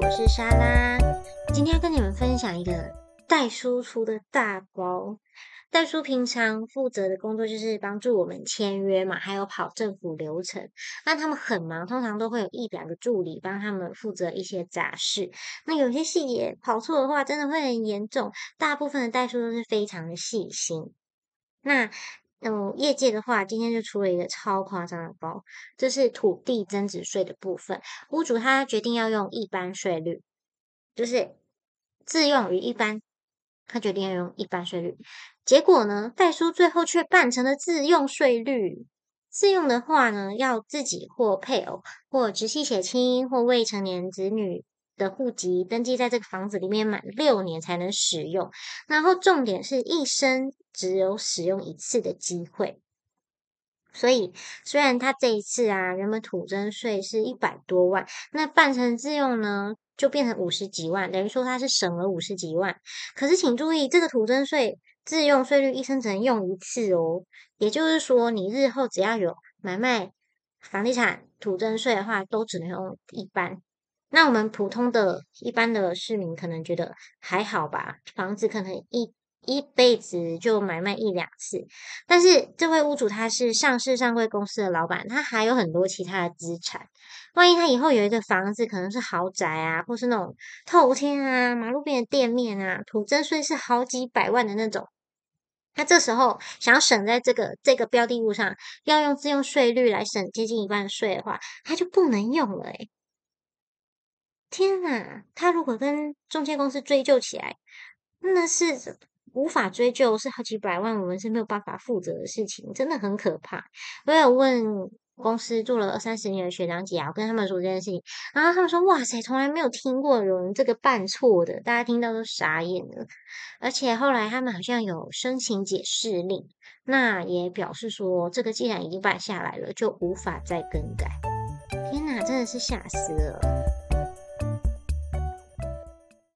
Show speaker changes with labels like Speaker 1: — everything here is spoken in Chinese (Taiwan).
Speaker 1: 我是莎拉，今天要跟你們分享一個代書出的大包。代書平常負責的工作就是幫助我們簽約嘛，還有跑政府流程。那他們很忙，通常都會有一兩個助理幫他們負責一些雜事。那有些細節跑錯的話，真的會很嚴重。大部分的代書都是非常的細心。那。麼、嗯、業界的話，今天就出了一個超誇張的包，這，就是土地增值稅的部分。屋主他決定要用一般稅率，就是自用於一般，他決定要用一般稅率。結果呢，代書最後卻辦成了自用稅率。自用的話呢，要自己或配偶或直系血親或未成年子女。的戶籍登記在這個房子裡面滿六年才能使用，然後重點是一生只有使用一次的機會。所以雖然他這一次啊，原本土增稅是一百多萬，那辦成自用呢，就變成五十幾萬，等於說他是省了五十幾萬。可是請注意，這個土增稅自用稅率一生只能用一次哦，也就是說你日後只要有買賣房地產土增稅的話，都只能用一般。那我們普通的、一般的市民可能覺得還好吧，房子可能一一輩子就買賣一兩次。但是這位屋主他是上市上櫃公司的老板，他還有很多其他的資產。萬一他以後有一個房子，可能是豪宅啊，或是那種透天啊、馬路邊的店面啊，土增稅是好幾百萬的那種。他這時候想要省在這個這個標的物上，要用自用稅率來省接近一半的稅的話，他就不能用了誒、欸天哪！他如果跟中介公司追究起來，那是無法追究，是好幾百萬，我們是沒有辦法負責的事情，真的很可怕。我有問公司做了二三十年的學長姐啊，我跟他們說這件事情，然後他們說：哇塞，從來沒有聽過有人這個辦錯的，大家聽到都傻眼了。而且後來他們好像有申請解釋令，那也表示說，這個既然已經辦下來了，就無法再更改。天哪，真的是嚇死了。